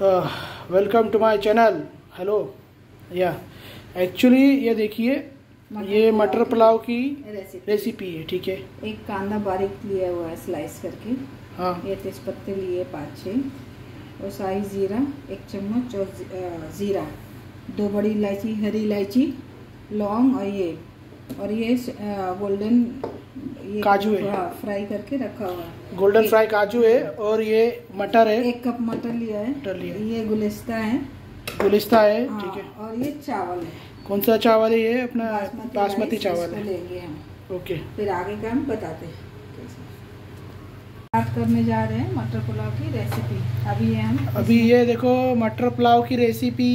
Welcome to my channel hello या actually ये देखिए ये मटर पुलाव की रेसिपी, है ठीक है एक कांदा बारीक लिया हुआ है स्लाइस करके हाँ ये तेज पत्ते लिए पाँच छः और साई ज़ीरा एक चम्मच और ज़ीरा दो बड़ी इलायची हरी इलायची लौंग और ये और ये गोल्डन काजू है हाँ, फ्राई करके रखा हुआ है गोल्डन फ्राई काजू है और ये मटर है एक कप मटर लिया है मटर लिया ये गुलिस्ता है गुलिस्ता है हाँ, ठीक है और ये चावल है कौन सा चावल है ये अपना बासमती, चावल है लेंगे हम ओके फिर आगे का हम बताते हैं करने जा रहे हैं मटर पुलाव की रेसिपी अभी ये हम अभी ये देखो मटर पुलाव की रेसिपी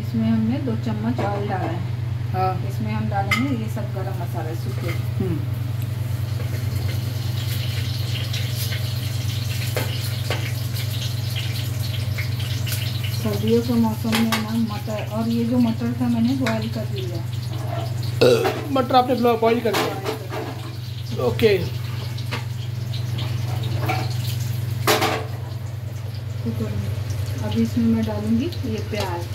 इसमें हमने दो चम्मच ऑयल डाला है इसमें हम डालेंगे ये सब गरम मसाला सूखे हम्म। सर्दियों के मौसम में ना मटर और ये जो मटर था मैंने बॉयल कर दिया मटर आपने बॉयल कर दिया ओके तो अब इसमें मैं डालूंगी ये प्याज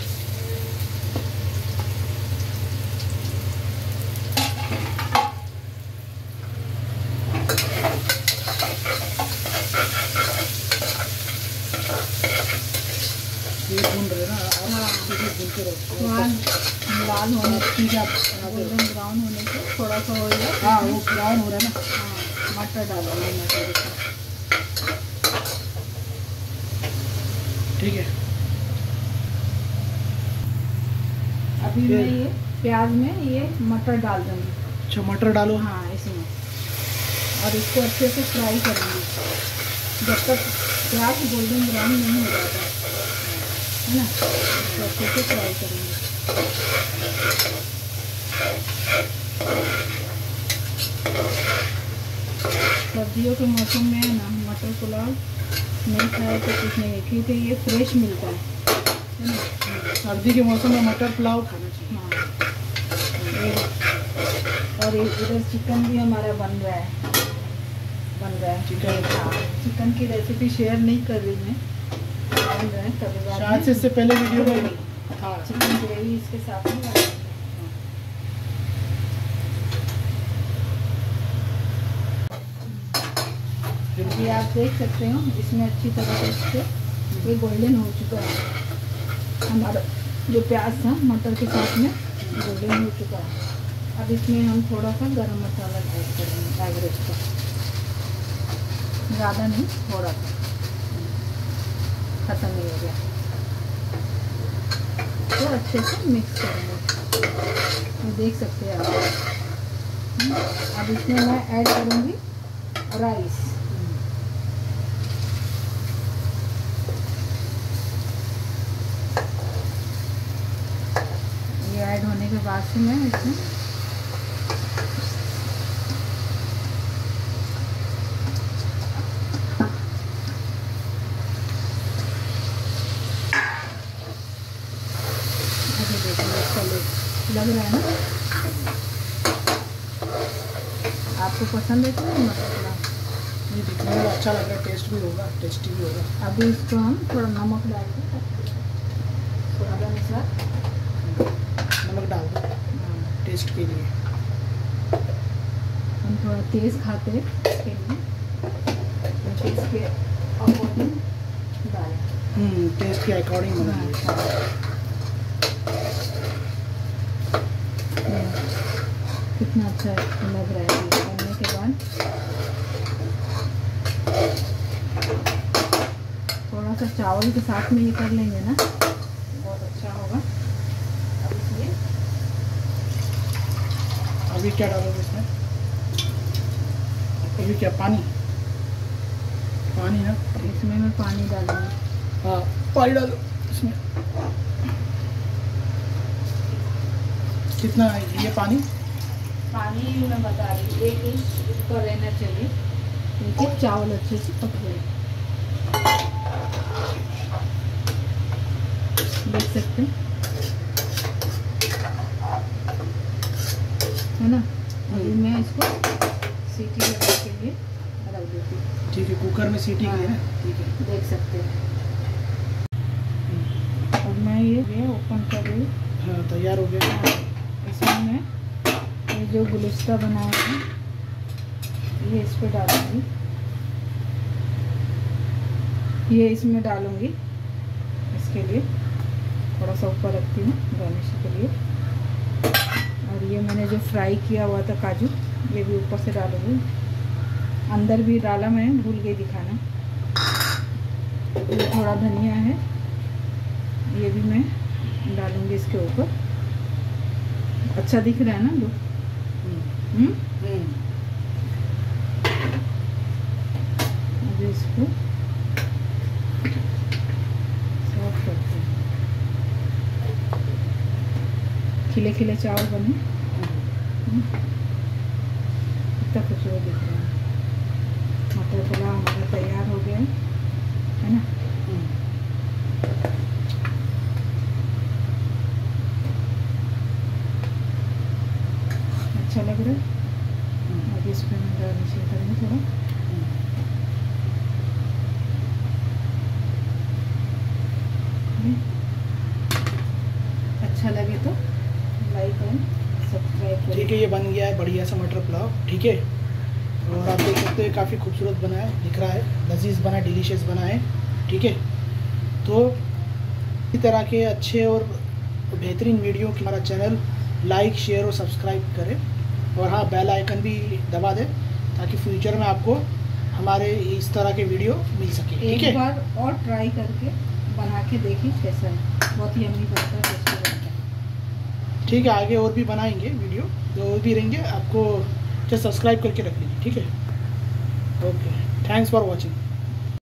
लाल होने ठीक गोल्डन ब्राउन होने से थोड़ा सा हो गया हाँ वो ब्राउन हो रहा है ना हाँ मटर डालो मटर ठीक है अभी मैं ये प्याज में ये मटर डाल दूँगी अच्छा मटर डालो हाँ इसमें और इसको अच्छे से फ्राई करेंगे जब तक प्याज गोल्डन ब्राउन नहीं हो जाता है ना से फ्राई करेंगे सर्दियों के मौसम में है ना मटर पुलाव नहीं खाए तो कुछ नहीं है क्योंकि ये फ्रेश मिलता है सर्दी के मौसम में मटर पुलाव खाना चाहिए हाँ। और इधर चिकन भी हमारा बन रहा है बन रहा है चिकन हाँ, चिकन की रेसिपी शेयर नहीं कर रही मैं शायद से इससे पहले वीडियो में था हाँ। चिकन ग्रेवी इसके साथ में ये आप देख सकते हो इसमें अच्छी तरह से इसके ये गोल्डन हो चुका है हमारा जो प्याज था मटर के साथ में गोल्डन हो चुका है अब इसमें हम थोड़ा सा गरम मसाला ऐड करेंगे एवरेज का ज़्यादा नहीं थोड़ा सा ख़त्म ही हो गया तो अच्छे से मिक्स करेंगे तो देख सकते हैं आप हम्म। अब इसमें मैं ऐड करूँगी राइस ये ऐड होने के बाद से मैं इसमें लग रहा है ना आपको पसंद है कि मटर पुलाव ये अच्छा लग रहा है टेस्ट भी होगा टेस्टी भी होगा अभी इसको हम थोड़ा नमक डाल दें स्वाद अनुसार नमक डाल दो टेस्ट के लिए हम थोड़ा तेज़ खाते हैं इसके टेस्ट के अकॉर्डिंग डालें हम्म, टेस्ट के अकॉर्डिंग बनाएं हाँ। कितना अच्छा लग रहा है बनने के बाद थोड़ा सा चावल के साथ में ये कर लेंगे ना बहुत अच्छा होगा अब इसलिए अभी क्या डालोगे इसमें अभी क्या पानी पानी ना इसमें मैं पानी डालूंगा हाँ पानी डालो इसमें कितना ये पानी पानी मैं बता रही हूँ एक इंच ऊपर तो रहना चाहिए क्योंकि चावल अच्छे से पक गए देख सकते हैं है ना हम्म। अभी मैं इसको सीटी लगा के लिए रख देती हूँ ठीक है कुकर में सीटी हाँ, ठीक है देख सकते हैं अब मैं ये ओपन कर रही हूँ हाँ तैयार हो गया हाँ। जो गुलस्ता बनाया था ये इस पर डालूँगी ये इसमें डालूँगी इसके लिए थोड़ा सा ऊपर रखती हूँ गार्निश के लिए और ये मैंने जो फ्राई किया हुआ था काजू ये भी ऊपर से डालूंगी अंदर भी डाला मैं भूल गई दिखाना ये थोड़ा धनिया है ये भी मैं डालूंगी इसके ऊपर अच्छा दिख रहा है ना लोग हम्म। इसको साफ करते हैं खिले खिले चावल बने हम्म। हम्म। अच्छा लग रहा है अभी इस पर मैं गार्निश करूँगी थोड़ा हम्म। अच्छा लगे तो लाइक एंड सब्सक्राइब करें ठीक है ये बन गया है बढ़िया सा मटर पुलाव ठीक है और आप देख सकते हो काफ़ी खूबसूरत बना है दिख रहा है लजीज बना है डिलीशियस बना है ठीक है तो इसी तरह के अच्छे और बेहतरीन वीडियो की हमारा चैनल लाइक शेयर और सब्सक्राइब करें और हाँ बेल आइकन भी दबा दें ताकि फ्यूचर में आपको हमारे इस तरह के वीडियो मिल सके एक है? बार और ट्राई करके बना के देखें कैसा है बहुत ही अमीर बनता है ठीक है आगे और भी बनाएंगे वीडियो जो और भी रहेंगे आपको जस्ट सब्सक्राइब करके रख लीजिए ठीक है ओके थैंक्स फॉर वॉचिंग